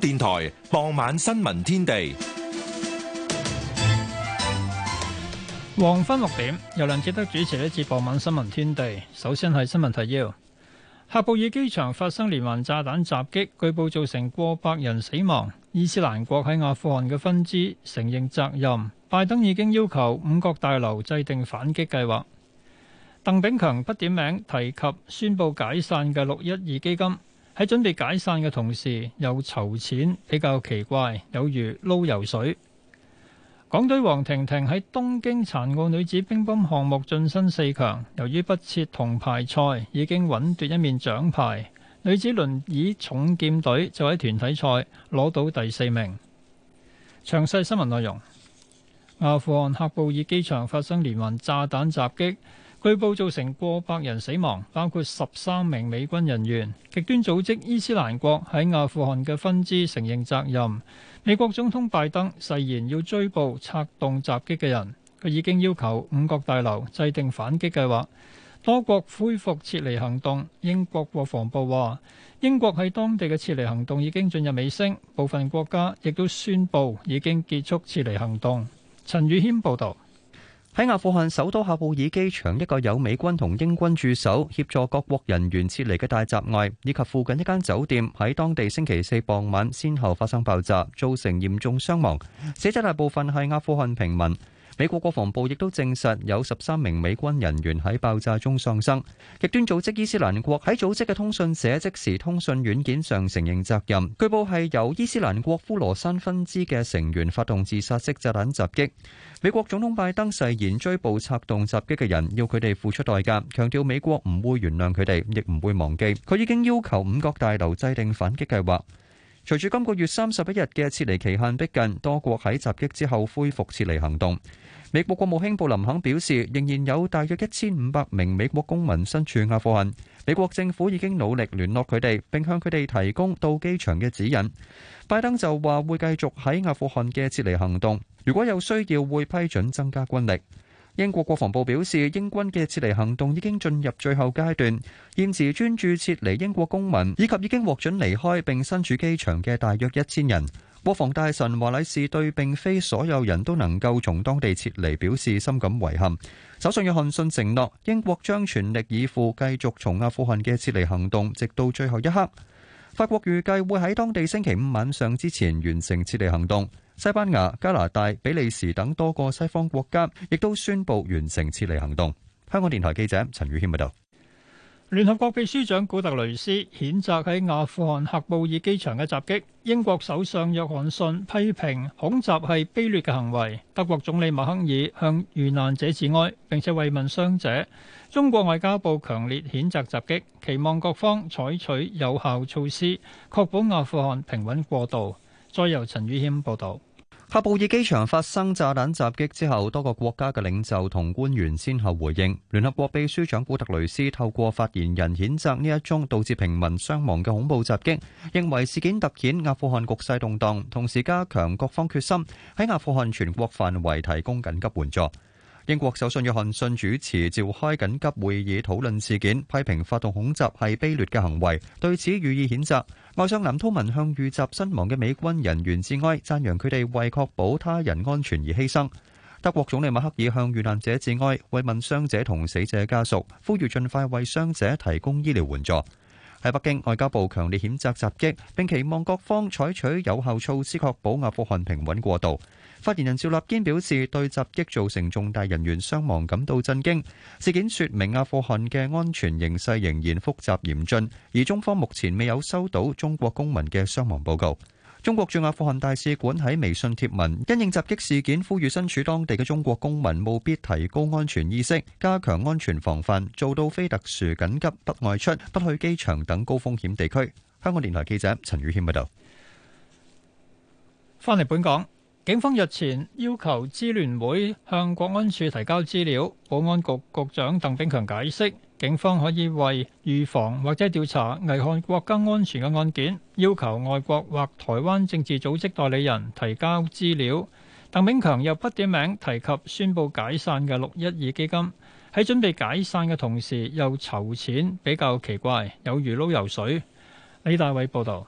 電台傍晚新聞天地，黃昏六點由梁志德主持一次傍晚新聞天地。首先係新聞提要：喀布爾機場發生連環炸彈襲擊，據報造成過百人死亡。伊斯蘭國喺阿富汗嘅分支承認責任。拜登已經要求五角大樓制定反擊計劃。鄧炳強不點名提及宣布解散嘅六一二基金。喺準備解散嘅同時，又籌錢比較奇怪，有如撈油水。港隊王婷婷喺東京殘奧女子乒乓項目晉身四強，由於不設銅牌賽，已經穩奪一面獎牌。女子輪椅重劍隊就喺團體賽攞到第四名。詳細新聞內容，阿富汗喀布爾機場發生連環炸彈襲擊。據報造成過百人死亡，包括十三名美軍人員。極端組織伊斯蘭國喺阿富汗嘅分支承認責任。美國總統拜登誓言要追捕策動襲擊嘅人，佢已經要求五角大樓制定反擊計劃。多國恢復撤離行動。英國國防部話，英國喺當地嘅撤離行動已經進入尾聲，部分國家亦都宣布已經結束撤離行動。陳宇軒報導。喺阿富汗首都喀布爾機場一個有美軍同英軍駐守協助各國人員撤離嘅大閘外，以及附近一間酒店，喺當地星期四傍晚先後發生爆炸，造成嚴重傷亡，死者大部分係阿富汗平民。美國國防部亦都證實有十三名美軍人員喺爆炸中喪生。極端組織伊斯蘭國喺組織嘅通訊社即時通訊軟件上承認責任。據報係由伊斯蘭國呼羅珊分支嘅成員發動自殺式炸彈襲擊。美國總統拜登誓言追捕策動襲擊嘅人，要佢哋付出代價，強調美國唔會原諒佢哋，亦唔會忘記。佢已經要求五角大樓制定反擊計劃。隨住今個月三十一日嘅撤離期限迫近，多國喺襲擊之後恢復撤離行動。美國國務卿布林肯表示，仍然有大約一千五百名美國公民身處阿富汗。美國政府已經努力聯絡佢哋，並向佢哋提供到機場嘅指引。拜登就話會繼續喺阿富汗嘅撤離行動，如果有需要會批准增加軍力。英國國防部表示，英軍嘅撤離行動已經進入最後階段，現時專注撤離英國公民，以及已經獲准離開並身處機場嘅大約一千人。國防大臣華禮士對並非所有人都能夠從當地撤離表示深感遺憾。首相約翰遜承諾英國將全力以赴繼續從阿富汗嘅撤離行動，直到最後一刻。法國預計會喺當地星期五晚上之前完成撤離行動。西班牙、加拿大、比利時等多個西方國家亦都宣布完成撤離行動。香港電台記者陳宇謙報道。聯合國秘書長古特雷斯譴責喺阿富汗喀布爾機場嘅襲擊。英國首相約翰遜批評恐襲係卑劣嘅行為。德國總理默克爾向遇難者致哀，並且慰問傷者。中國外交部強烈譴責襲擊，期望各方採取有效措施，確保阿富汗平穩過渡。再由陳宇謙報道。喀布爾機場發生炸彈襲擊之後，多個國家嘅領袖同官員先後回應。聯合國秘書長古特雷斯透過發言人譴責呢一宗導致平民傷亡嘅恐怖襲擊，認為事件突顯阿富汗局勢動盪，同時加強各方決心喺阿富汗全國範圍提供緊急援助。英國首相約翰遜主持召開緊急會議討論事件，批評發動恐襲係卑劣嘅行為，對此予以譴責。外相藍韜文向遇襲身亡嘅美軍人員致哀，讚揚佢哋為確保他人安全而犧牲。德國總理默克爾向遇難者致哀，慰問傷者同死者家屬，呼籲盡快為傷者提供醫療援助。喺北京，外交部強烈譴責襲擊，並期望各方採取有效措施，確保阿富汗平穩過渡。發言人趙立堅表示，對襲擊造成重大人員傷亡感到震驚。事件說明阿富汗嘅安全形勢仍然複雜嚴峻，而中方目前未有收到中國公民嘅傷亡報告。中國駐阿富汗大使館喺微信貼文，因應襲擊事件，呼籲身處當地嘅中國公民務必提高安全意識，加強安全防範，做到非特殊緊急不外出、不去機場等高風險地區。香港電台記者陳宇謙報道。翻嚟本港。警方日前要求支聯會向國安處提交資料，保安局局長鄧炳強解釋，警方可以為預防或者調查危害國家安全嘅案件，要求外國或台灣政治組織代理人提交資料。鄧炳強又不點名提及宣布解散嘅六一二基金，喺準備解散嘅同時又籌錢，比較奇怪，有如撈油水。李大偉報道。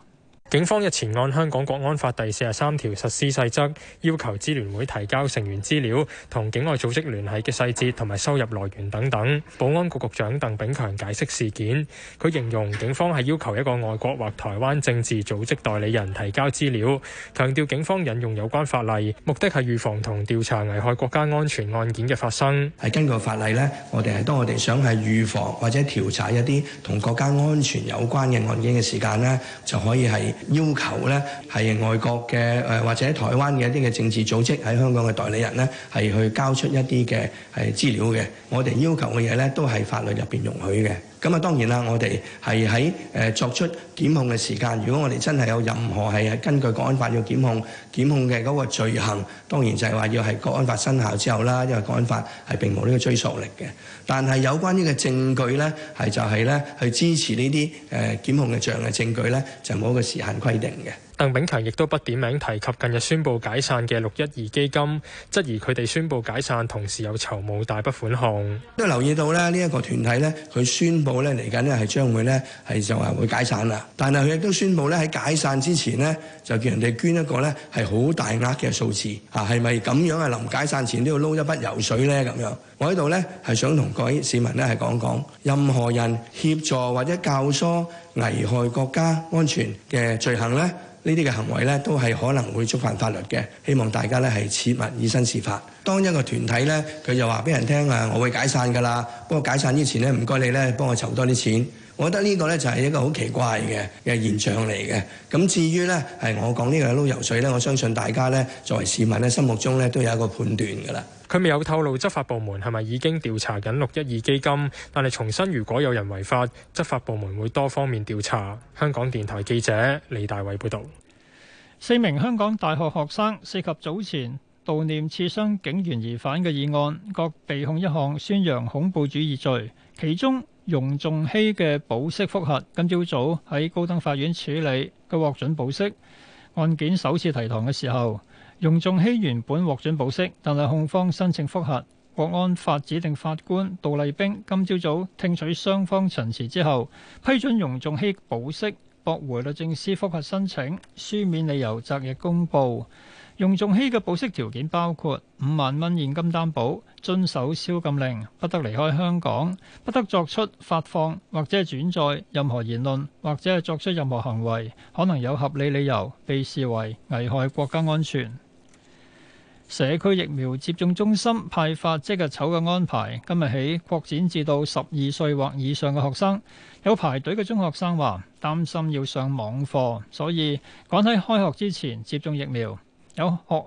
警方日前按《香港國安法》第四十三條實施細則要求支聯會提交成員資料、同境外組織聯繫嘅細節同埋收入來源等等。保安局局長鄧炳強解釋事件，佢形容警方係要求一個外國或台灣政治組織代理人提交資料，強調警方引用有關法例，目的係預防同調查危害國家安全案件嘅發生。係根據法例咧，我哋係當我哋想係預防或者調查一啲同國家安全有關嘅案件嘅時間咧，就可以係。要求呢係外國嘅或者台灣嘅一啲嘅政治組織喺香港嘅代理人呢，係去交出一啲嘅係資料嘅，我哋要求嘅嘢呢，都係法律入面容許嘅。咁啊，當然啦，我哋係喺誒作出檢控嘅時間，如果我哋真係有任何係根據《國安法》要檢控檢控嘅嗰個罪行，當然就係話要係《國安法》生效之後啦，因為《國安法》係並冇呢個追溯力嘅。但係有關呢個證據咧，係就係咧去支持呢啲誒檢控嘅像嘅證據咧，就冇一個時限規定嘅。鄧炳強亦都不點名提及，近日宣布解散嘅六一二基金，質疑佢哋宣布解散同時有籌募大筆款項。都留意到呢，呢一個團體呢，佢宣布呢嚟緊呢係將會呢係就係會解散啦。但係佢亦都宣布呢喺解散之前呢就叫人哋捐一個呢係好大額嘅數字嚇，係咪咁樣係臨解散前都要撈一筆油水呢咁樣？我喺度呢係想同各位市民呢係講講，任何人協助或者教唆危害國家安全嘅罪行呢。呢啲嘅行為咧，都係可能會觸犯法律嘅。希望大家咧係切勿以身試法。當一個團體咧，佢就話俾人聽啊，我會解散㗎啦。不過解散之前咧，唔該你咧幫我籌多啲錢。我覺得呢個呢，就係一個好奇怪嘅嘅現象嚟嘅。咁至於呢，係我講呢個撈油水呢，我相信大家呢，作為市民呢，心目中呢，都有一個判斷㗎啦。佢未有透露執法部門係咪已經調查緊六一二基金，但係重申如果有人違法，執法部門會多方面調查。香港電台記者李大偉報導。四名香港大學學生涉及早前悼念刺傷警員疑犯嘅議案，各被控一項宣揚恐怖主義罪，其中。容仲熙嘅保釋覆核，今朝早喺高等法院處理佢獲准保釋案件首次提堂嘅時候，容仲熙原本獲准保釋，但係控方申請覆核。國安法指定法官杜麗冰今朝早，早聽取雙方陳詞之後，批准容仲熙保釋，駁回律政司覆核申請，書面理由擇日公布。容仲希嘅保釋條件包括五萬蚊現金擔保，遵守宵禁令，不得離開香港，不得作出發放或者轉載任何言論，或者係作出任何行為，可能有合理理由被視為危害國家安全。社區疫苗接種中心派發即日籌嘅安排，今日起擴展至到十二歲或以上嘅學生。有排隊嘅中學生話擔心要上網課，所以趕喺開學之前接種疫苗。有學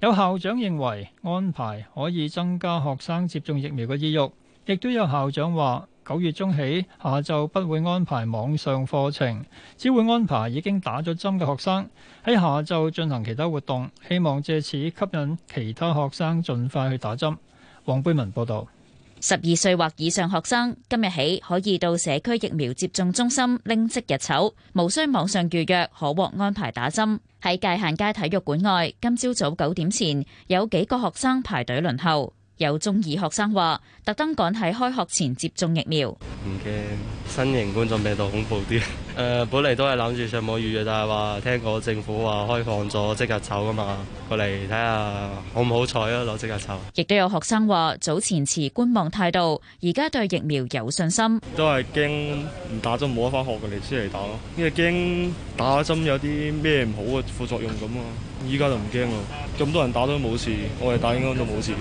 有校長認為安排可以增加學生接種疫苗嘅意欲，亦都有校長話九月中起下晝不會安排網上課程，只會安排已經打咗針嘅學生喺下晝進行其他活動，希望借此吸引其他學生盡快去打針。黃貝文報道。十二歲或以上學生今日起可以到社區疫苗接種中心拎即日籌，無需網上預約，可獲安排打針。喺界限街體育館外，今朝早九點前有幾個學生排隊輪候。有中二學生話，特登趕喺開學前接種疫苗。唔驚新型冠狀病毒恐怖啲。誒、呃，本嚟都係諗住上網預約，但係話聽過政府話開放咗即日籌噶嘛，過嚟睇下好唔好彩啊，攞即日籌。亦都有學生話，早前持觀望態度，而家對疫苗有信心。都係驚唔打針冇得返學嘅，嚟先嚟打咯。因為驚打針有啲咩唔好嘅副作用咁啊。依家就唔驚咯，咁多人打都冇事，我哋打應該都冇事嘅。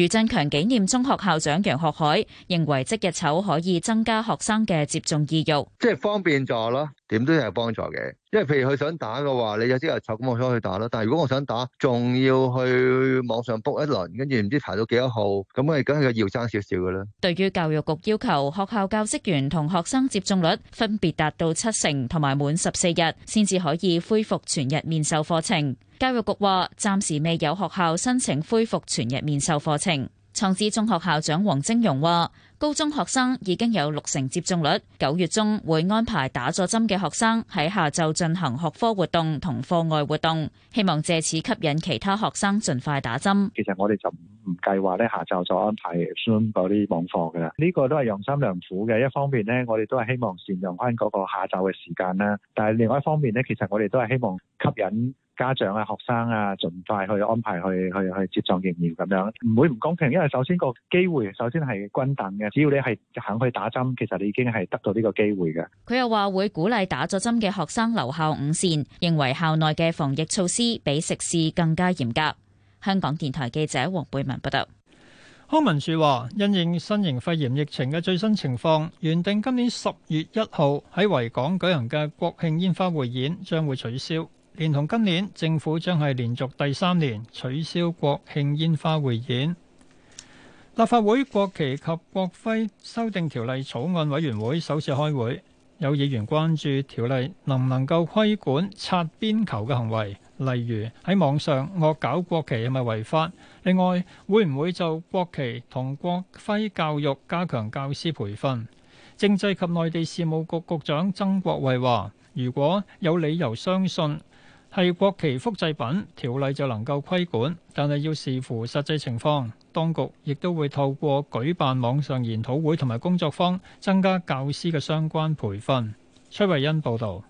余振強紀念中學校長楊學海認為，即日丑可以增加學生嘅接種意欲，即係方便咗咯。點都有幫助嘅，因為譬如佢想打嘅話，你有啲人湊咁，我想去打咯。但係如果我想打，仲要去網上 book 一輪，跟住唔知排到幾多號，咁我梗係要爭少少嘅啦。對於教育局要求學校教職員同學生接種率分別達到七成同埋滿十四日，先至可以恢復全日面授課程，教育局話暫時未有學校申請恢復全日面授課程。創智中學校長黃晶榮話。高中學生已經有六成接種率，九月中會安排打咗針嘅學生喺下晝進行學科活動同課外活動，希望藉此吸引其他學生盡快打針。其實我哋就唔計劃咧下晝再安排上嗰啲網課㗎啦。呢個都係用心良苦嘅，一方面呢，我哋都係希望善用翻嗰個下晝嘅時間啦。但係另外一方面呢，其實我哋都係希望吸引。家長啊、學生啊，儘快去安排去去去接種疫苗咁樣，唔會唔公平。因為首先個機會首先係均等嘅，只要你係肯去打針，其實你已經係得到呢個機會嘅。佢又話會鼓勵打咗針嘅學生留校午膳，認為校內嘅防疫措施比食肆更加嚴格。香港電台記者黃貝文報道。康文署話，因應新型肺炎疫情嘅最新情況，原定今年十月一號喺維港舉行嘅國慶煙花匯演將會取消。連同今年，政府將係連續第三年取消國慶煙花匯演。立法會國旗及國徽修訂條例草案委員會首次開會，有議員關注條例能唔能夠規管擦邊球嘅行為，例如喺網上惡搞國旗係咪違法？另外，會唔會就國旗同國徽教育加強教師培訓？政制及內地事務局局，局長曾國衛話：如果有理由相信，係國旗複製品條例就能夠規管，但係要視乎實際情況，當局亦都會透過舉辦網上研討會同埋工作坊，增加教師嘅相關培訓。崔慧欣報導，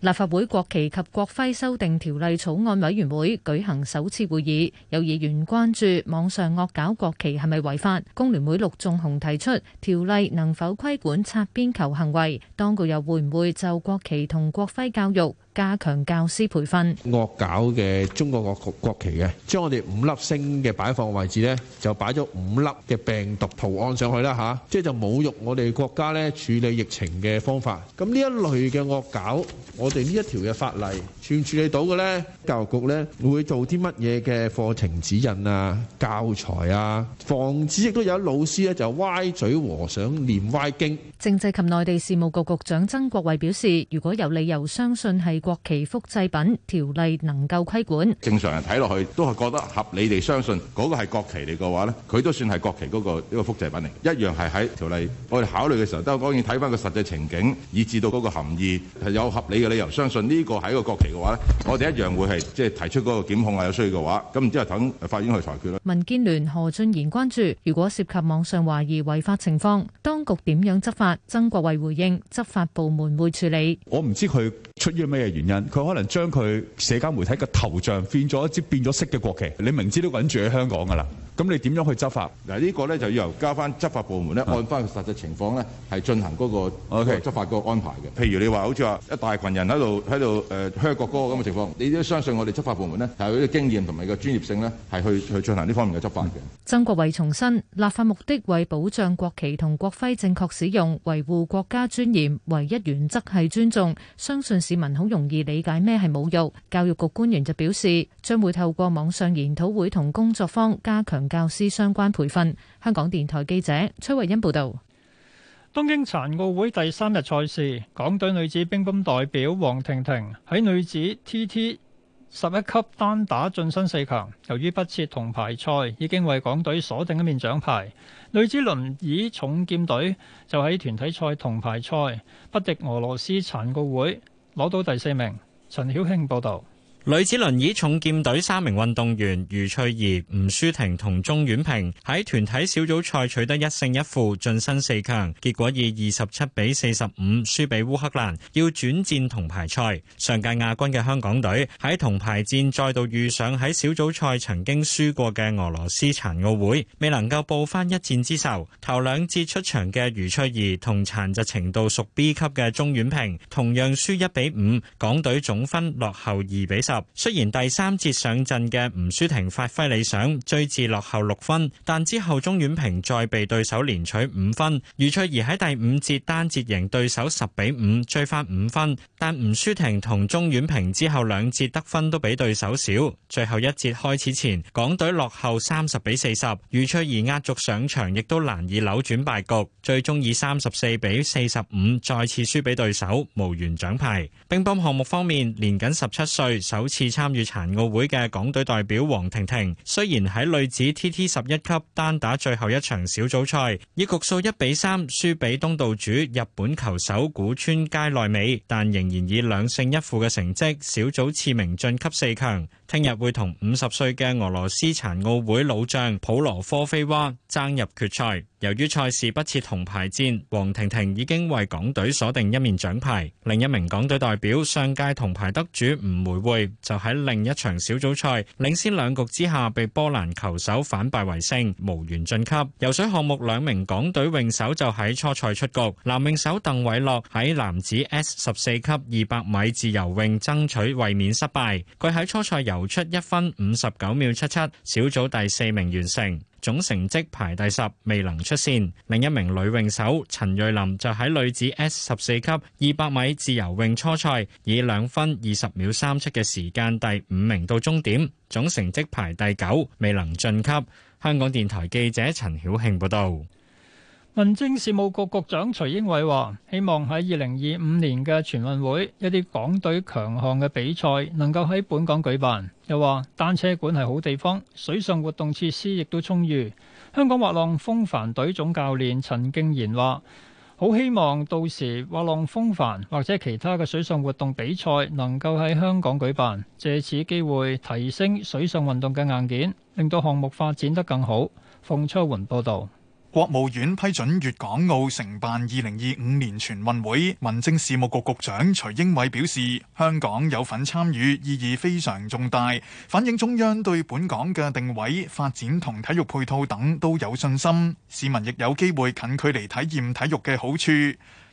立法會國旗及國徽修訂條例草案委員會舉行首次會議，有議員關注網上惡搞國旗係咪違法，工聯會陸仲雄提出條例能否規管擦邊球行為，當局又會唔會就國旗同國徽教育加強教師培訓。惡搞嘅中國國國旗嘅，將我哋五粒星嘅擺放位置呢，就擺咗五粒嘅病毒圖案上去啦吓、啊，即係就侮辱我哋國家咧處理疫情嘅方法。咁呢一類嘅惡搞，我哋呢一條嘅法例。算處理到嘅呢，教育局呢會做啲乜嘢嘅課程指引啊、教材啊，防止亦都有老師呢就歪嘴和尚念歪經。政制及內地事務局局長曾國衛表示，如果有理由相信係國旗複製品，條例能夠規管。正常人睇落去都係覺得合理地相信嗰個係國旗嚟嘅話呢，佢都算係國旗嗰個一個複製品嚟，一樣係喺條例我哋考慮嘅時候都當然睇翻個實際情景，以至到嗰個含義係有合理嘅理由相信呢個係一個國旗。嘅話，我哋一樣會係即係提出嗰個檢控係，有需要嘅話，咁然之後等法院去裁決啦。民建聯何俊賢關注，如果涉及網上懷疑違法情況，當局點樣執法？曾國衛回應，執法部門會處理。我唔知佢出於咩嘢原因，佢可能將佢社交媒體嘅頭像變咗一支變咗色嘅國旗，你明知都揾住喺香港噶啦，咁你點樣去執法？嗱，呢個咧就要由加翻執法部門咧，按翻實際情況咧，係進行嗰個執法個安排嘅。譬如你話好似話一大羣人喺度喺度誒哼國歌咁嘅情況，你都相信我哋執法部門咧係有啲經驗同埋個專業性咧，係去去進行呢方面嘅執法嘅。曾國衛重申，立法目的為保障國旗同國徽正確使用，維護國家尊嚴，唯一原則係尊重。相信市民好容易理解咩係侮辱。教育局官員就表示，將會透過網上研討會同工作坊加強。教師相關培訓。香港電台記者崔慧欣報道：東京殘奧會第三日賽事，港隊女子乒乓代表黃婷婷喺女子 TT 十一級單打晉身四強，由於不設銅牌賽，已經為港隊鎖定一面獎牌。女子輪椅重劍隊就喺團體賽銅牌賽不敵俄羅斯殘奧會，攞到第四名。陳曉慶報道。女子輪椅重劍隊三名運動員余翠怡、吳舒婷同鐘婉萍喺團體小組賽取得一勝一負，晉身四強。結果以二十七比四十五輸俾烏克蘭，要轉戰銅牌賽。上屆亞軍嘅香港隊喺銅牌戰再度遇上喺小組賽曾經輸過嘅俄羅斯殘奧會，未能夠報翻一戰之仇。頭兩節出場嘅余翠怡同殘疾程度屬 B 級嘅鐘婉萍，同樣輸一比五，港隊總分落後二比十。雖然第三節上陣嘅吳舒婷發揮理想，追至落後六分，但之後鍾婉萍再被對手連取五分。余翠怡喺第五節單節贏對手十比五，追翻五分。但吳舒婷同鍾婉萍之後兩節得分都比對手少。最後一節開始前，港隊落後三十比四十，余翠怡壓軸上場，亦都難以扭轉敗局，最終以三十四比四十五再次輸俾對手，無緣獎牌。乒乓項目方面，年僅十七歲，首次參與殘奧會嘅港隊代表王婷婷，雖然喺女子 TT 十一級單打最後一場小組賽以局數一比三輸俾東道主日本球手古村佳奈美，但仍然以兩勝一負嘅成績，小組次名晉級四強。聽日會同五十歲嘅俄羅斯殘奧會老將普羅科菲娃爭入決賽。由於賽事不設銅牌戰，王婷婷已經為港隊鎖定一面獎牌。另一名港隊代表上屆銅牌得主吳梅慧就喺另一場小組賽領先兩局之下，被波蘭球手反敗為勝，無緣晉級。游水項目兩名港隊泳手就喺初賽出局。男泳手鄧偉樂喺男子 S 十四級二百米自由泳爭取衛冕失敗。佢喺初賽游。游出一分五十九秒七七，小組第四名完成，總成績排第十，未能出線。另一名女泳手陳瑞琳就喺女子 S 十四級二百米自由泳初賽，以兩分二十秒三七嘅時間第五名到終點，總成績排第九，未能晉級。香港電台記者陳曉慶報道。民政事務局局長徐英偉話：希望喺二零二五年嘅全運會一啲港隊強項嘅比賽能夠喺本港舉辦。又話單車館係好地方，水上活動設施亦都充裕。香港滑浪風帆隊總教練陳敬賢話：好希望到時滑浪風帆或者其他嘅水上活動比賽能夠喺香港舉辦，借此機會提升水上運動嘅硬件，令到項目發展得更好。馮初桓報道。國務院批准粵港澳承辦二零二五年全運會，民政事務局局長徐英偉表示，香港有份參與，意義非常重大，反映中央對本港嘅定位、發展同體育配套等都有信心，市民亦有機會近距離體驗體育嘅好處。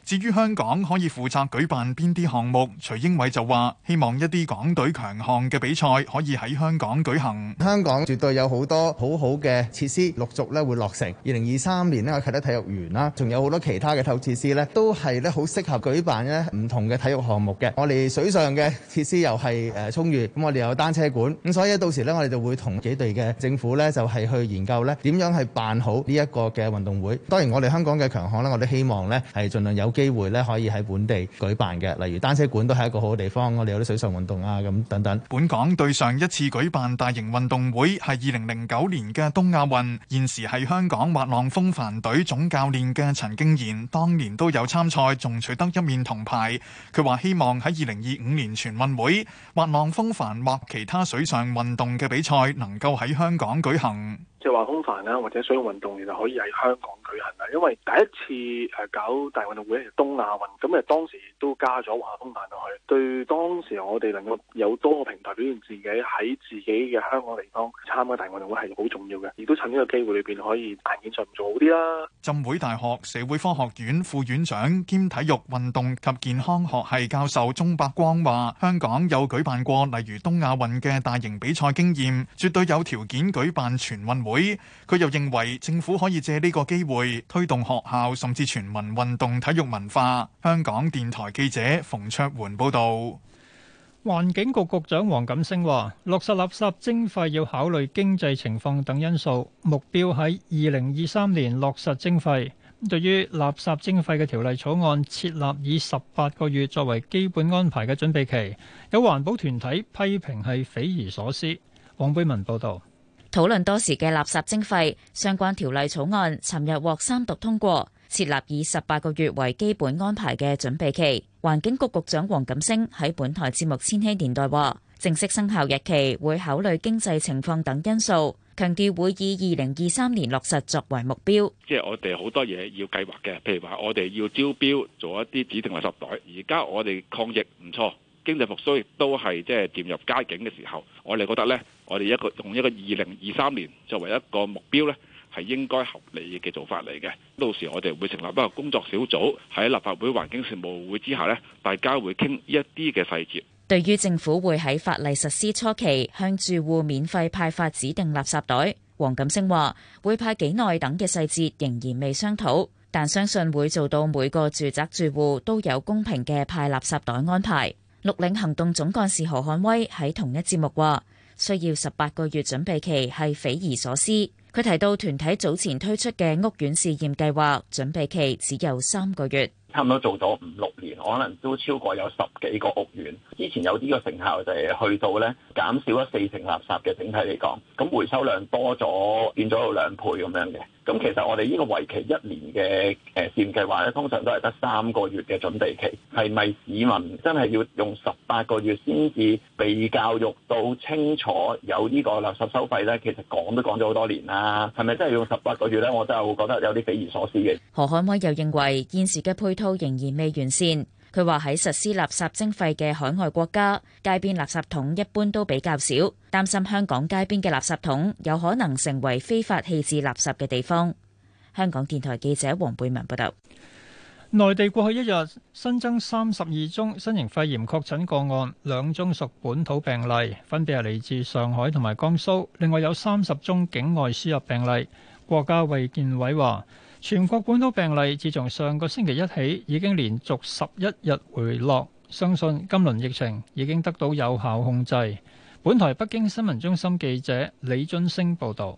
至於香港可以負責舉辦邊啲項目，徐英偉就話：希望一啲港隊強項嘅比賽可以喺香港舉行。香港絕對有好多好好嘅設施，陸續咧會落成。二零二三年呢，我啟德體育園啦，仲有好多其他嘅設施呢，都係咧好適合舉辦呢唔同嘅體育項目嘅。我哋水上嘅設施又係誒充裕，咁我哋有單車館，咁所以到時呢，我哋就會同幾隊嘅政府呢就係去研究呢點樣去辦好呢一個嘅運動會。當然，我哋香港嘅強項呢，我哋希望呢係儘量有。機會咧可以喺本地舉辦嘅，例如單車館都係一個好地方，我哋有啲水上運動啊咁等等。本港對上一次舉辦大型運動會係二零零九年嘅東亞運，現時係香港滑浪風帆隊總教練嘅陳敬賢，當年都有參賽，仲取得一面銅牌。佢話希望喺二零二五年全運會滑浪風帆或其他水上運動嘅比賽能夠喺香港舉行。話風帆啦，或者水上運動，然後可以喺香港舉行啦。因為第一次誒搞大運動會係東亞運，咁誒當時都加咗話風帆落去，對當時我哋能夠有多個平台表現自己喺自己嘅香港地方參加大運動會係好重要嘅，亦都趁呢個機會裏邊可以大件事做好啲啦。浸會大學社會科學院副院長兼體育運動及健康學系教授鍾伯光話，香港有舉辦過例如東亞運嘅大型比賽經驗，絕對有條件舉辦全運會。佢又認為政府可以借呢個機會推動學校甚至全民運動體育文化。香港電台記者馮卓桓報導。環境局局長黃錦星話，落實垃圾徵費要考慮經濟情況等因素，目標喺二零二三年落實徵費。對於垃圾徵費嘅條例草案設立以十八個月作為基本安排嘅準備期，有環保團體批評係匪夷所思。黃貝文報導。討論多時嘅垃圾徵費相關條例草案，尋日獲三讀通過，設立以十八個月為基本安排嘅準備期。環境局局長黃錦星喺本台節目《千禧年代》話，正式生效日期會考慮經濟情況等因素，強調會以二零二三年落實作為目標。即係我哋好多嘢要計劃嘅，譬如話我哋要招標做一啲指定垃圾袋。而家我哋抗疫唔錯。經濟復甦亦都係即係漸入佳境嘅時候，我哋覺得呢，我哋一個用一個二零二三年作為一個目標呢，係應該合理嘅做法嚟嘅。到時我哋會成立一個工作小組喺立法會環境事務會之下呢，大家會傾一啲嘅細節。對於政府會喺法例實施初期向住戶免費派發指定垃圾袋，黃錦星話會派幾耐等嘅細節仍然未商討，但相信會做到每個住宅住戶都有公平嘅派垃圾袋安排。綠領行動總幹事何漢威喺同一節目話：需要十八個月準備期係匪夷所思。佢提到團體早前推出嘅屋苑試驗計劃，準備期只有三個月。差唔多做咗五六年，可能都超過有十幾個屋苑。之前有呢個成效，就係去到咧減少咗四成垃圾嘅。整體嚟講，咁回收量多咗，變咗有兩倍咁樣嘅。咁其實我哋呢個為期一年嘅誒善計劃咧，通常都係得三個月嘅準備期。係咪市民真係要用十八個月先至被教育到清楚有呢個垃圾收費咧？其實講都講咗好多年啦。係咪真係要用十八個月咧？我真係會覺得有啲匪夷所思嘅。何海威又認為現時嘅配套仍然未完善。佢話喺實施垃圾徵費嘅海外國家，街邊垃圾桶一般都比較少，擔心香港街邊嘅垃圾桶有可能成為非法棄置垃圾嘅地方。香港電台記者黃貝文報道。內地過去一日新增三十二宗新型肺炎確診個案，兩宗屬本土病例，分別係嚟自上海同埋江蘇，另外有三十宗境外輸入病例。國家衛健委話。全國本土病例自從上個星期一起已經連續十一日回落，相信今輪疫情已經得到有效控制。本台北京新聞中心記者李俊升報導。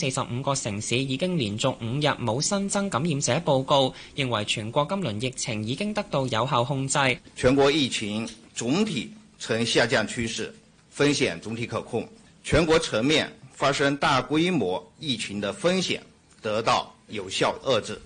四十五個城市已經連續五日冇新增感染者報告，認為全國今輪疫情已經得到有效控制。全國疫情總體呈下降趨勢，風險總體可控。全國層面發生大規模疫情的風險得到有效遏制。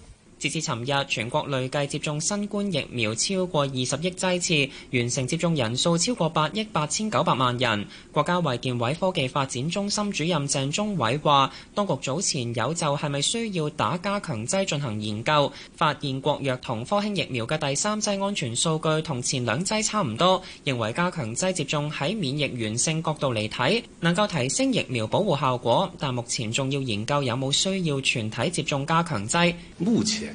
截至尋日，全國累計接種新冠疫苗超過二十億劑次，完成接種人數超過八億八千九百萬人。國家衛健委科技發展中心主任鄭忠偉話，當局早前有就係咪需要打加強劑進行研究，發現國藥同科興疫苗嘅第三劑安全數據同前兩劑差唔多，認為加強劑接種喺免疫原性角度嚟睇，能夠提升疫苗保護效果，但目前仲要研究有冇需要全體接種加強劑。目前。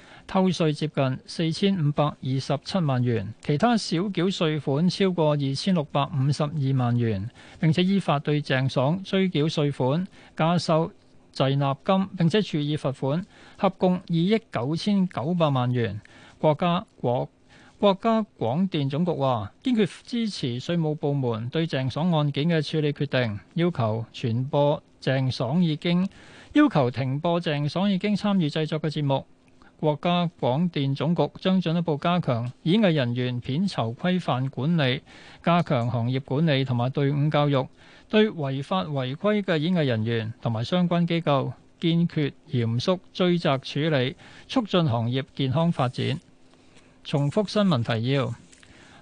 偷稅接近四千五百二十七萬元，其他少繳稅款超過二千六百五十二萬元，並且依法對鄭爽追繳稅款、加收滯納金，並且處以罰款，合共二億九千九百萬元。國家國國家廣電總局話堅決支持稅務部門對鄭爽案件嘅處理決定，要求傳播鄭爽已經要求停播鄭爽已經參與製作嘅節目。國家廣電總局將進一步加強演藝人員片酬規範管理，加強行業管理同埋隊伍教育，對違法違規嘅演藝人員同埋相關機構堅決嚴肅追責處理，促進行業健康發展。重複新聞提要。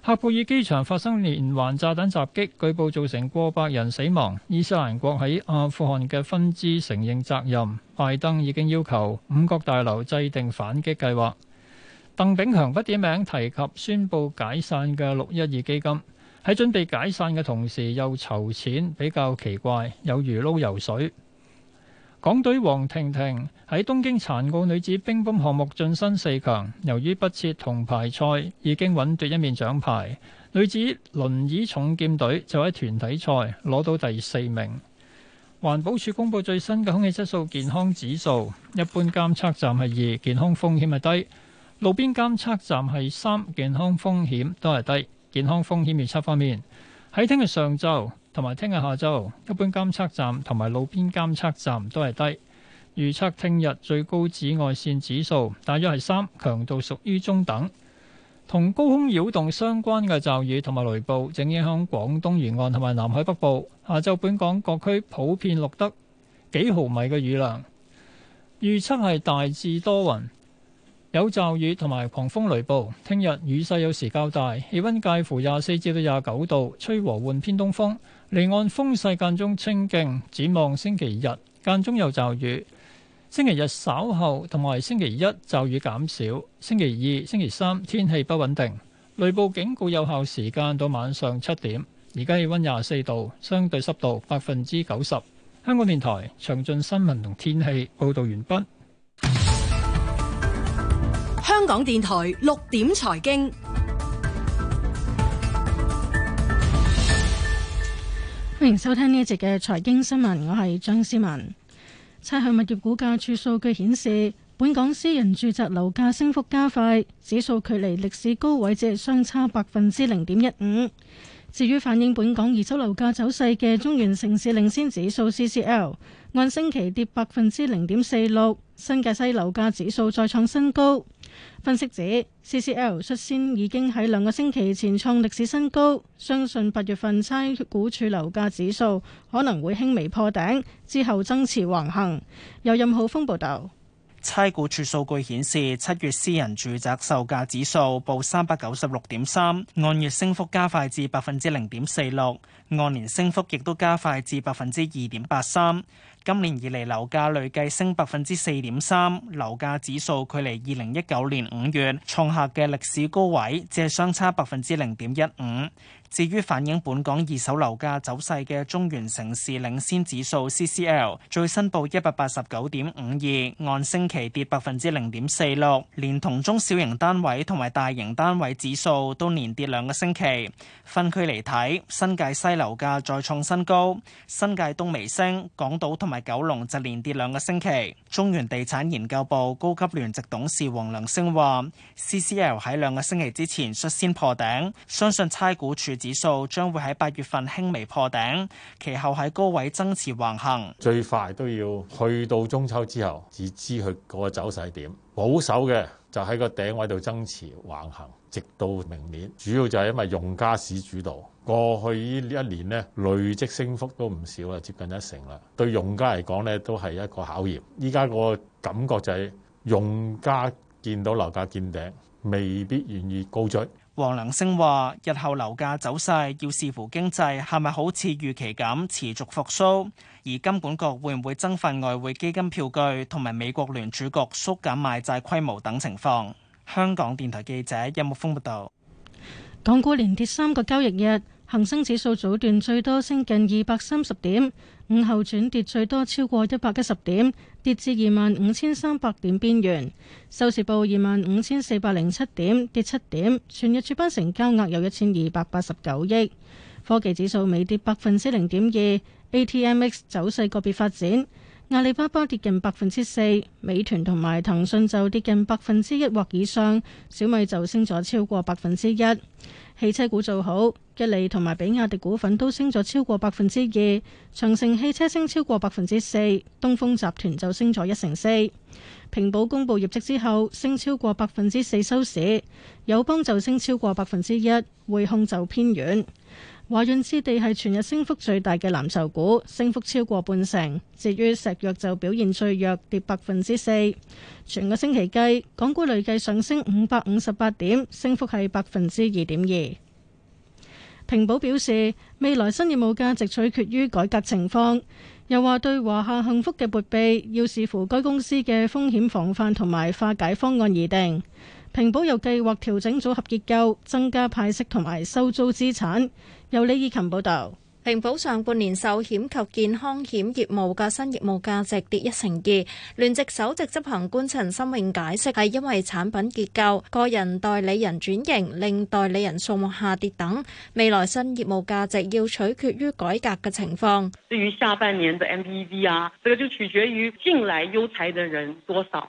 喀布爾機場發生連環炸彈襲擊，據報造成過百人死亡。伊斯蘭國喺阿富汗嘅分支承認責任。拜登已經要求五角大樓制定反擊計劃。鄧炳強不點名提及宣布解散嘅六一二基金喺準備解散嘅同時又籌錢，比較奇怪，有如撈油水。港隊王婷婷喺東京殘奧女子乒乓項目晉身四強，由於不設銅牌賽，已經穩奪一面獎牌。女子輪椅重劍隊就喺團體賽攞到第四名。環保署公布最新嘅空氣質素健康指數，一般監測站係二，健康風險係低；路邊監測站係三，健康風險都係低。健康風險預測方面，喺聽日上晝。同埋聽日下晝，一般監測站同埋路邊監測站都係低。預測聽日最高紫外線指數大約係三，強度屬於中等。同高空擾動相關嘅驟雨同埋雷暴正影響廣東沿岸同埋南海北部。下晝本港各區普遍錄得幾毫米嘅雨量。預測係大致多雲，有驟雨同埋狂風雷暴。聽日雨勢有時較大，氣温介乎廿四至到廿九度，吹和緩偏東風。離岸風勢間中清勁，展望星期日間中有驟雨，星期日稍後同埋星期一驟雨減少，星期二、星期三天氣不穩定，雷暴警告有效時間到晚上七點。而家氣温廿四度，相對濕度百分之九十。香港電台詳盡新聞同天氣報道完畢。香港電台六點財經。歡迎收聽呢一節嘅財經新聞，我係張思文。差餉物業估價處數據顯示，本港私人住宅樓價升幅加快，指數距離歷史高位值相差百分之零點一五。至於反映本港二手樓價走勢嘅中原城市領先指數 C C L，按星期跌百分之零點四六，新界西樓價指數再創新高。分析指 CCL 率先已經喺兩個星期前創歷史新高，相信八月份差估處樓價指數可能會輕微破頂，之後增持橫行。由任浩峰報導。差估處數據顯示，七月私人住宅售價指數報三百九十六點三，按月升幅加快至百分之零點四六，按年升幅亦都加快至百分之二點八三。今年以嚟樓價累計升百分之四點三，樓價指數距離二零一九年五月創下嘅歷史高位，只係相差百分之零點一五。至於反映本港二手樓價走勢嘅中原城市領先指數 CCL 最新報一百八十九點五二，按星期跌百分之零點四六，連同中小型單位同埋大型單位指數都連跌兩個星期。分區嚟睇，新界西樓價再創新高，新界東微升，港島同埋九龍就連跌兩個星期。中原地產研究部高級聯席董事黃良昇話：CCL 喺兩個星期之前率先破頂，相信猜股處。指數將會喺八月份輕微破頂，其後喺高位增持橫行，最快都要去到中秋之後，只知佢個走勢點。保守嘅就喺個頂位度增持橫行，直到明年。主要就係因為用家市主導，過去呢一年呢，累積升幅都唔少啦，接近一成啦。對用家嚟講呢，都係一個考驗。依家個感覺就係用家見到樓價見頂，未必願意高追。黃良升話，日後樓價走勢要視乎經濟係咪好似預期咁持續復蘇，而金管局會唔會增發外匯基金票據，同埋美國聯儲局縮減買債規模等情況。香港電台記者任木峰報道：港股連跌三個交易日。恒生指數早段最多升近二百三十點，午後轉跌最多超過一百一十點，跌至二萬五千三百點邊緣。收市報二萬五千四百零七點，跌七點。全日主板成交額有一千二百八十九億。科技指數微跌百分之零點二。ATMX 走勢個別發展。阿里巴巴跌近百分之四，美團同埋騰訊就跌近百分之一或以上，小米就升咗超過百分之一。汽車股做好，吉利同埋比亞迪股份都升咗超過百分之二，長城汽車升超過百分之四，東風集團就升咗一成四。平保公佈業績之後，升超過百分之四收市，友邦就升超過百分之一，匯控就偏軟。華潤置地係全日升幅最大嘅藍籌股，升幅超過半成。至於石藥就表現最弱，跌百分之四。全個星期計，港股累計上升五百五十八點，升幅係百分之二點二。平保表示，未來新業務價值取決於改革情況，又話對華夏幸福嘅撥備要視乎該公司嘅風險防範同埋化解方案而定。平保又計劃調整組合結構，增加派息同埋收租資產。有李以琴報道。平保上半年壽險及健康險業務嘅新業務價值跌一成二。聯席首席執行官陳心穎解釋，係因為產品結構、個人代理人轉型、令代理人數目下跌等，未來新業務價值要取決於改革嘅情況。對於下半年嘅 MPV 啊，這個就取決於進來優才的人多少。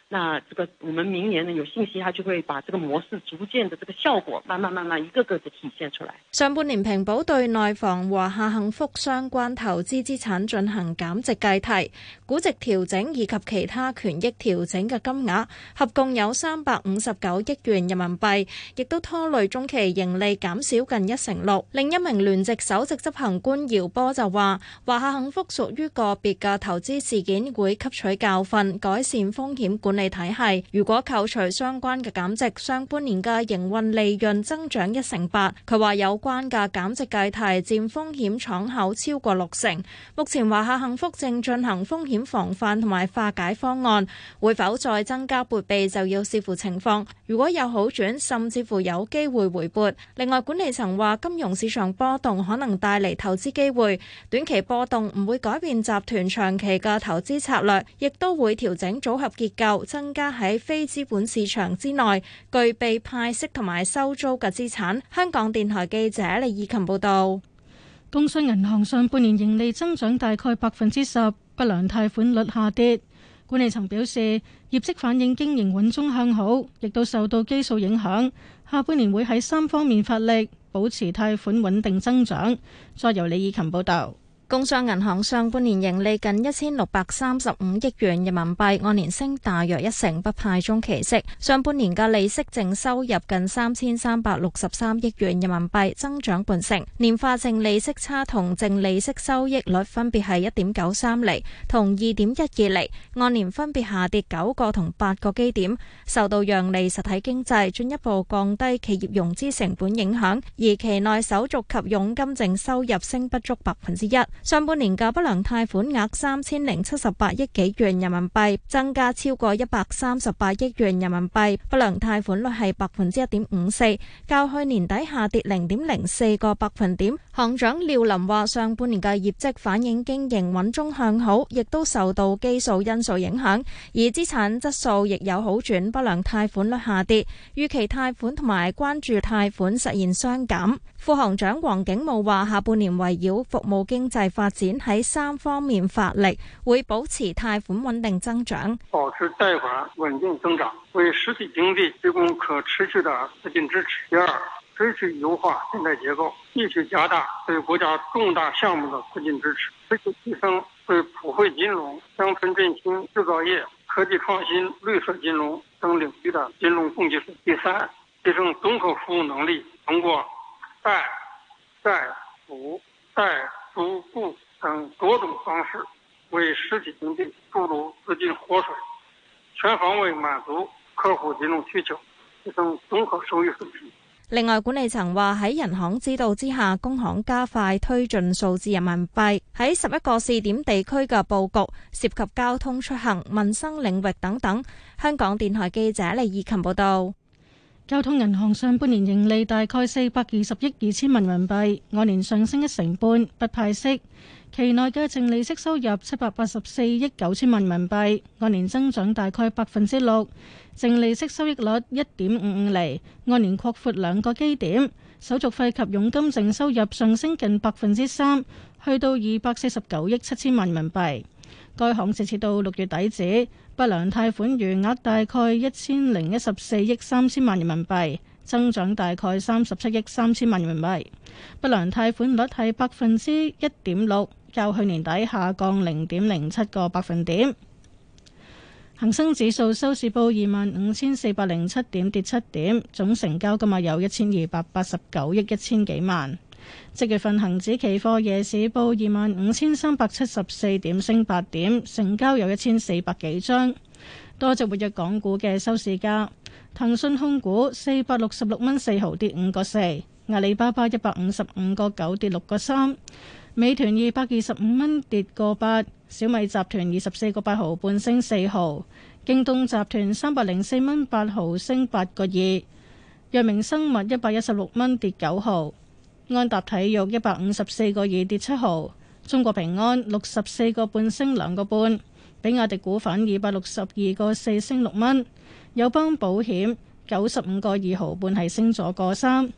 那這個我們明年呢有信息，他就會把這個模式逐漸的這個效果，慢慢慢慢一個個的體現出來。上半年平保對內房華夏幸福相關投資資產進行減值計提、估值調整以及其他權益調整嘅金額，合共有三百五十九億元人民幣，亦都拖累中期盈利減少近一成六。另一名聯席首席執行官姚波就話，華夏幸福屬於個別嘅投資事件，會吸取教訓，改善風險管理。體系，如果扣除相關嘅減值，上半年嘅營運利潤增長一成八。佢話有關嘅減值計提佔風險敞口超過六成。目前華夏幸福正進行風險防範同埋化解方案，會否再增加撥備就要視乎情況。如果有好轉，甚至乎有機會回撥。另外管理層話，金融市場波動可能帶嚟投資機會，短期波動唔會改變集團長期嘅投資策略，亦都會調整組合結構。增加喺非資本市場之內，具備派息同埋收租嘅資產。香港電台記者李以琴報道，工商銀行上半年盈利增長大概百分之十，不良貸款率下跌。管理層表示，業績反映經營穩中向好，亦都受到基數影響。下半年會喺三方面發力，保持貸款穩定增長。再由李以琴報道。工商銀行上半年盈利近一千六百三十五億元人民幣，按年升大約一成，不派中期息。上半年嘅利息淨收入近三千三百六十三億元人民幣，增長半成。年化淨利息差同淨利息收益率分別係一點九三厘同二點一二厘，按年分別下跌九個同八個基點。受到讓利實體經濟、進一步降低企業融資成本影響，而期內手續及佣金淨收入升不足百分之一。上半年嘅不良貸款額三千零七十八億幾元人民幣，增加超過一百三十八億元人民幣。不良貸款率係百分之一點五四，較去年底下跌零點零四個百分點。行長廖林話：上半年嘅業績反映經營穩中向好，亦都受到基數因素影響，而資產質素亦有好轉，不良貸款率下跌，預期貸款同埋關注貸款實現雙減。副行長黃景武話：下半年圍繞服務經濟發展喺三方面發力，會保持貸款穩定增長，保持貸款穩定增長，為實體經濟提供可持續的資金支持。第二，持續優化信貸結構，繼續加大對國家重大項目的資金支持，持續提升對普惠金融、鄉村振興、製造業、科技創新、綠色金融等領域的金融供給。第三，提升綜合服務能力，通過貸、貸補、貸租固等多種方式，為實體經濟注入資金活水，全方位滿足客戶金融需求，提升綜合收益水平。另外，管理層話喺人行指導之下，工行加快推進數字人民幣喺十一個試點地區嘅布局，涉及交通出行、民生領域等等。香港電台記者李義琴報道。交通銀行上半年盈利大概四百二十億二千萬人民幣，按年上升一成半，不派息。期內嘅淨利息收入七百八十四億九千萬人民幣，按年增長大概百分之六，淨利息收益率一點五五厘，按年擴闊兩個基點。手續費及佣金淨收入上升近百分之三，去到二百四十九億七千萬人民幣。該行截至到六月底止。不良貸款餘額大概一千零一十四億三千萬人民幣，增長大概三十七億三千萬人民幣。不良貸款率係百分之一點六，較去年底下降零點零七個百分點。恒生指數收市報二萬五千四百零七點，跌七點。總成交金額有一千二百八十九億一千幾萬。即月份恒指期貨夜市報二萬五千三百七十四點，升八點，成交有一千四百幾張。多隻活躍港股嘅收市價：騰訊控股四百六十六蚊四毫跌五個四，阿里巴巴一百五十五個九跌六個三，美團二百二十五蚊跌個八，小米集團二十四個八毫半升四毫，京東集團三百零四蚊八毫升八個二，藥明生物一百一十六蚊跌九毫。安踏體育一百五十四個二跌七毫，中國平安六十四個半升兩個半，比亞迪股份二百六十二個四升六蚊，友邦保險九十五個二毫半係升咗個三。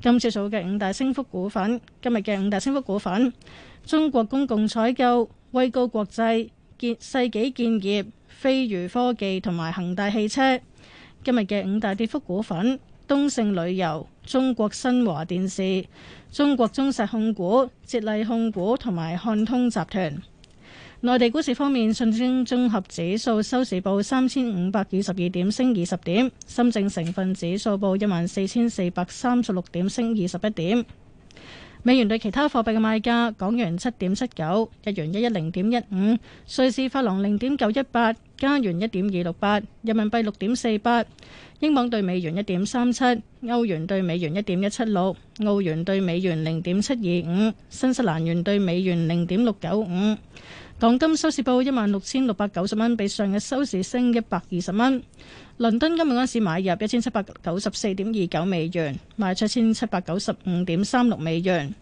今朝早嘅五大升幅股份，今日嘅五大升幅股份：中國公共採購、威高國際、建世紀建業、飛魚科技同埋恆大汽車。今日嘅五大跌幅股份。東盛旅遊、中國新華電視、中國中石控股、捷麗控股同埋漢通集團。內地股市方面，上證綜合指數收市報三千五百二十二點，升二十點；深證成分指數報一萬四千四百三十六點，升二十一點。美元對其他貨幣嘅賣價：港元七點七九，日元一一零點一五，瑞士法郎零點九一八，加元一點二六八，人民幣六點四八，英鎊對美元一點三七，歐元對美元一點一七六，澳元對美元零點七二五，新西蘭元對美元零點六九五。港金收市報一萬六千六百九十蚊，比上日收市升一百二十蚊。倫敦今日開市買入一千七百九十四點二九美元，賣出一千七百九十五點三六美元。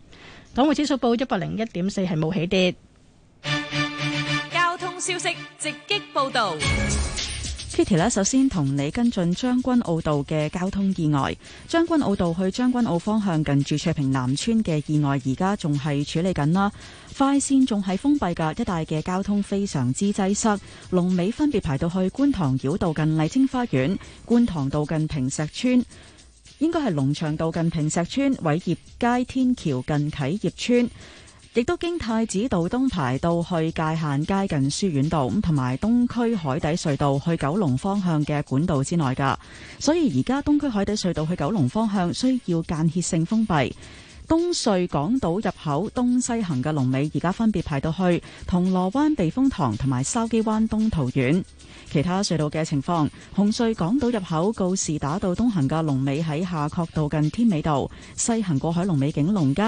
港匯指數報一百零一點四，係冇起跌。交通消息直擊報道。Peter 咧，首先同你跟進將軍澳道嘅交通意外。將軍澳道去將軍澳方向，近住翠屏南村嘅意外，而家仲係處理緊啦。快綫仲係封閉噶，一帶嘅交通非常之擠塞。龍尾分別排到去觀塘繞道近麗晶花園、觀塘道近坪石村，應該係龍翔道近坪石村、偉業街天橋近啟業村。亦都經太子道東排到去界限街近書院道，咁同埋東區海，海底隧道去九龍方向嘅管道之內噶，所以而家東區海底隧道去九龍方向需要間歇性封閉。東隧港島入口東西行嘅龍尾而家分別排到去銅鑼灣避風塘同埋筲箕灣東陶苑。其他隧道嘅情況，紅隧港島入口，告士打道東行嘅龍尾喺夏慤道近添美道，西行過海龍尾景隆街，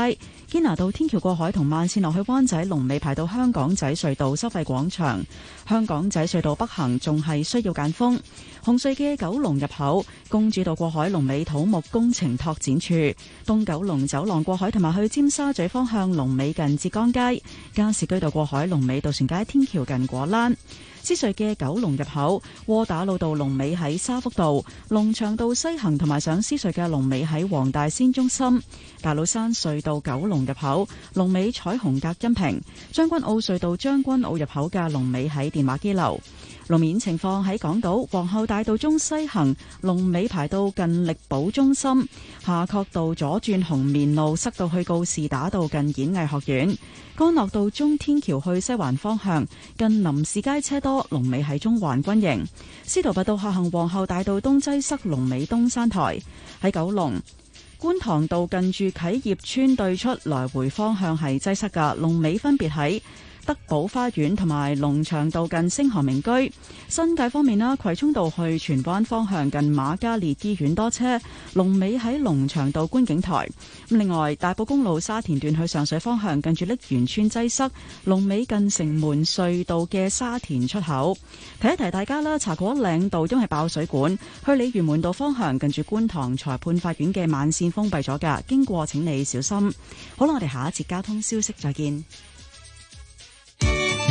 堅拿道天橋過海同慢線落去灣仔龍尾排到香港仔隧道收費廣場，香港仔隧道北行仲係需要間封。紅隧嘅九龍入口，公主道過海龍尾土木工程拓展署，東九龍走廊過海同埋去尖沙咀方向龍尾近浙江街，加士居道過海龍尾渡船街天橋近果欄。獅隧嘅九龍入口，窩打老道龍尾喺沙福道；龍翔道西行同埋上獅隧嘅龍尾喺黃大仙中心；大老山隧道九龍入口龍尾彩虹隔音屏；將軍澳隧道將軍澳入口嘅龍尾喺電話機樓。路面情況喺港島皇后大道中西行龍尾排到近力寶中心；夏慤道左轉紅棉路塞到去告士打道近演藝學院。安樂道中天橋去西環方向，近林士街車多，龍尾喺中環軍營；司徒拔道下行皇后大道東擠塞，龍尾東山台喺九龍；觀塘道近住啟業邨對出，來回方向係擠塞噶，龍尾分別喺，德寶花園同埋龍翔道近星河名居。新界方面啦，葵涌道去荃灣方向近馬嘉烈醫院多車，龍尾喺龍翔道觀景台。另外，大埔公路沙田段去上水方向近住瀝源村擠塞，龍尾近城門隧道嘅沙田出口。提一提大家啦，茶果嶺道都係爆水管，去鯉魚門道方向近住觀塘裁判法院嘅慢線封閉咗噶，經過請你小心。好啦，我哋下一節交通消息再見。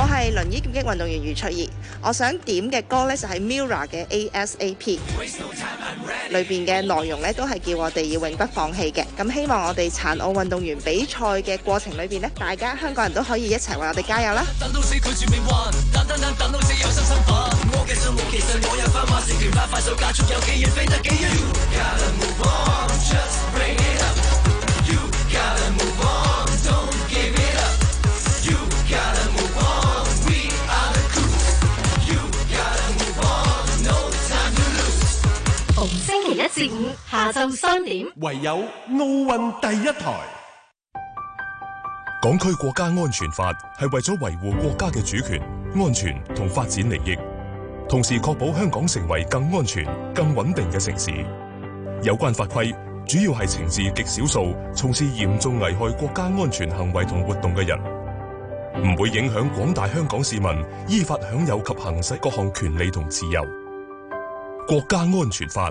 我係輪椅劍擊運動員余卓宜，我想點嘅歌咧就係 MIRROR 嘅 ASAP，裏邊嘅內容咧都係叫我哋要永不放棄嘅，咁希望我哋殘奧運動員比賽嘅過程裏邊呢，大家香港人都可以一齊為我哋加油啦！下午下晝三點，唯有奧運第一台。港區國家安全法係為咗維護國家嘅主權、安全同發展利益，同時確保香港成為更安全、更穩定嘅城市。有關法規主要係懲治極少數從事嚴重危害國家安全行為同活動嘅人，唔會影響廣大香港市民依法享有及行使各項權利同自由。國家安全法。